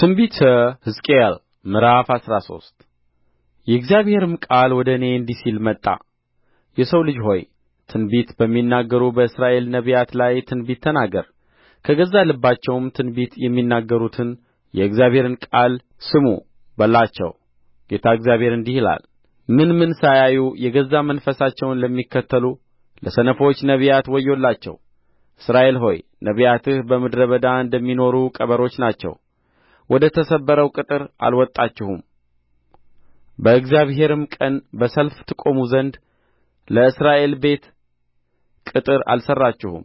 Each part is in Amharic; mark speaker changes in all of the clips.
Speaker 1: ትንቢተ ሕዝቅኤል ምዕራፍ አስራ ሶስት የእግዚአብሔርም ቃል ወደ እኔ እንዲህ ሲል መጣ የሰው ልጅ ሆይ ትንቢት በሚናገሩ በእስራኤል ነቢያት ላይ ትንቢት ተናገር ከገዛ ልባቸውም ትንቢት የሚናገሩትን የእግዚአብሔርን ቃል ስሙ በላቸው ጌታ እግዚአብሔር እንዲህ ይላል ምን ምን ሳያዩ የገዛ መንፈሳቸውን ለሚከተሉ ለሰነፎች ነቢያት ወዮላቸው እስራኤል ሆይ ነቢያትህ በምድረ በዳ እንደሚኖሩ ቀበሮች ናቸው ወደ ተሰበረው ቅጥር አልወጣችሁም በእግዚአብሔርም ቀን በሰልፍ ትቆሙ ዘንድ ለእስራኤል ቤት ቅጥር አልሠራችሁም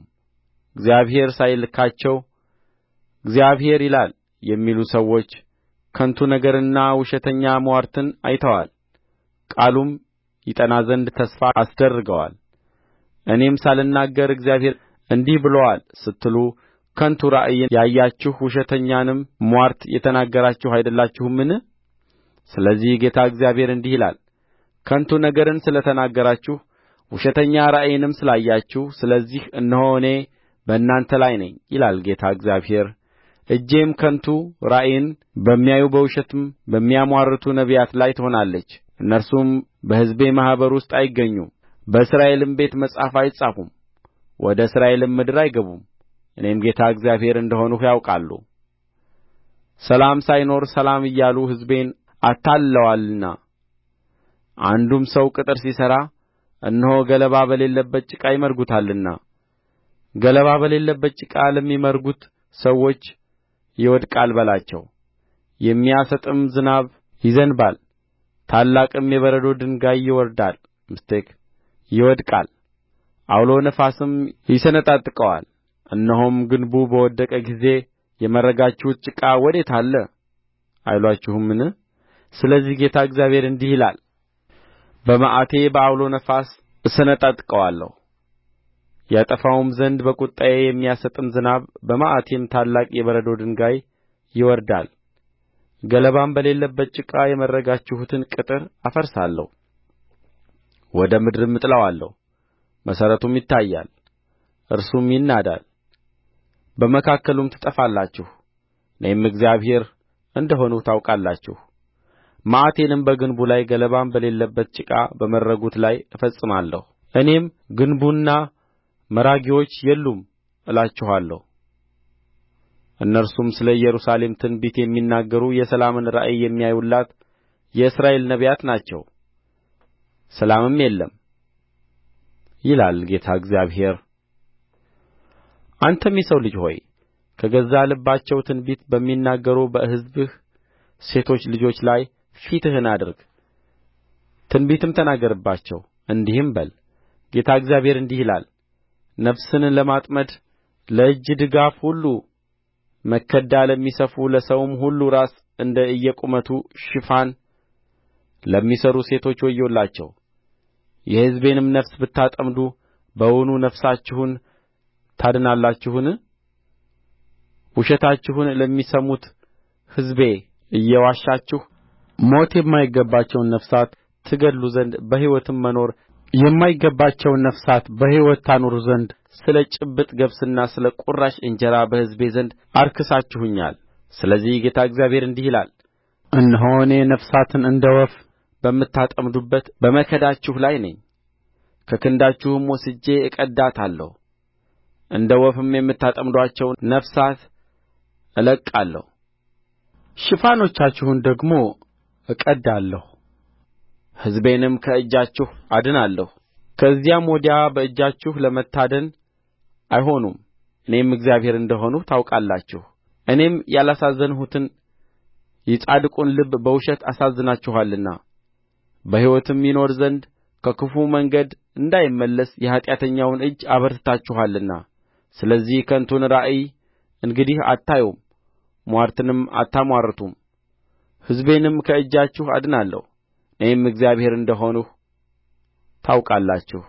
Speaker 1: እግዚአብሔር ሳይልካቸው እግዚአብሔር ይላል የሚሉ ሰዎች ከንቱ ነገርንና ውሸተኛ ምዋርትን አይተዋል ቃሉም ይጠና ዘንድ ተስፋ አስደርገዋል እኔም ሳልናገር እግዚአብሔር እንዲህ ብሎአል ስትሉ ከንቱ ራእይን ያያችሁ ውሸተኛንም ምዋርት የተናገራችሁ አይደላችሁምን ስለዚህ ጌታ እግዚአብሔር እንዲህ ይላል ከንቱ ነገርን ስለ ተናገራችሁ ውሸተኛ ራእይንም ስላያችሁ ስለዚህ እነሆ እኔ በእናንተ ላይ ነኝ ይላል ጌታ እግዚአብሔር እጄም ከንቱ ራእይን በሚያዩ በውሸትም በሚያምዋርቱ ነቢያት ላይ ትሆናለች እነርሱም በሕዝቤ ማኅበር ውስጥ አይገኙም በእስራኤልም ቤት መጽሐፍ አይጻፉም ወደ እስራኤልም ምድር አይገቡም እኔም ጌታ እግዚአብሔር እንደ ሆንሁ ያውቃሉ ሰላም ሳይኖር ሰላም እያሉ ሕዝቤን አታልለዋልና አንዱም ሰው ቅጥር ሲሠራ እነሆ ገለባ በሌለበት ጭቃ ይመርጉታልና ገለባ በሌለበት ጭቃ ለሚመርጉት ሰዎች ይወድቃል በላቸው የሚያሰጥም ዝናብ ይዘንባል ታላቅም የበረዶ ድንጋይ ይወርዳል ይወድቃል ዐውሎ ነፋስም ይሰነጣጥቀዋል እነሆም ግንቡ በወደቀ ጊዜ የመረጋችሁት ጭቃ ወዴት አለ አይሉአችሁምን ስለዚህ ጌታ እግዚአብሔር እንዲህ ይላል በመዓቴ በዐውሎ ነፋስ እሰነጣጥቀዋለሁ ያጠፋውም ዘንድ በቍጣዬ የሚያሰጥም ዝናብ በመዓቴም ታላቅ የበረዶ ድንጋይ ይወርዳል ገለባም በሌለበት ጭቃ የመረጋችሁትን ቅጥር አፈርሳለሁ ወደ ምድርም እጥለዋለሁ መሠረቱም ይታያል እርሱም ይናዳል በመካከሉም ትጠፋላችሁ እኔም እግዚአብሔር እንደ ሆንሁ ታውቃላችሁ መዓቴንም በግንቡ ላይ ገለባም በሌለበት ጭቃ በመረጉት ላይ እፈጽማለሁ እኔም ግንቡና መራጊዎች የሉም እላችኋለሁ እነርሱም ስለ ኢየሩሳሌም ትንቢት የሚናገሩ የሰላምን ራእይ የሚያዩላት የእስራኤል ነቢያት ናቸው ሰላምም የለም ይላል ጌታ እግዚአብሔር አንተም የሰው ልጅ ሆይ ከገዛ ልባቸው ትንቢት በሚናገሩ በሕዝብህ ሴቶች ልጆች ላይ ፊትህን አድርግ ትንቢትም ተናገርባቸው እንዲህም በል ጌታ እግዚአብሔር እንዲህ ይላል ነፍስን ለማጥመድ ለእጅ ድጋፍ ሁሉ መከዳ ለሚሰፉ ለሰውም ሁሉ ራስ እንደ እየቁመቱ ሽፋን ለሚሠሩ ሴቶች ወዮላቸው የሕዝቤንም ነፍስ ብታጠምዱ በውኑ ነፍሳችሁን ታድናላችሁን ውሸታችሁን ለሚሰሙት ሕዝቤ እየዋሻችሁ ሞት የማይገባቸውን ነፍሳት ትገድሉ ዘንድ በሕይወትም መኖር የማይገባቸውን ነፍሳት በሕይወት ታኖሩ ዘንድ ስለ ጭብጥ ገብስና ስለ ቍራሽ እንጀራ በሕዝቤ ዘንድ አርክሳችሁኛል ስለዚህ ጌታ እግዚአብሔር እንዲህ ይላል እነሆ እኔ ነፍሳትን እንደ ወፍ በምታጠምዱበት በመከዳችሁ ላይ ነኝ ከክንዳችሁም ወስጄ እቀድዳታለሁ እንደ ወፍም የምታጠምዱአቸውን ነፍሳት እለቅቃለሁ ሽፋኖቻችሁን ደግሞ እቀድዳለሁ ሕዝቤንም ከእጃችሁ አድናለሁ ከዚያም ወዲያ በእጃችሁ ለመታደን አይሆኑም እኔም እግዚአብሔር እንደ ሆንሁ ታውቃላችሁ እኔም ያላሳዘንሁትን የጻድቁን ልብ በውሸት አሳዝናችኋልና በሕይወትም ይኖር ዘንድ ከክፉ መንገድ እንዳይመለስ የኃጢአተኛውን እጅ አበርትታችኋልና ስለዚህ ከንቱን ራእይ እንግዲህ አታዩም ምዋርትንም አታምዋርቱም ሕዝቤንም ከእጃችሁ አድናለሁ እኔም እግዚአብሔር እንደ ሆንሁ ታውቃላችሁ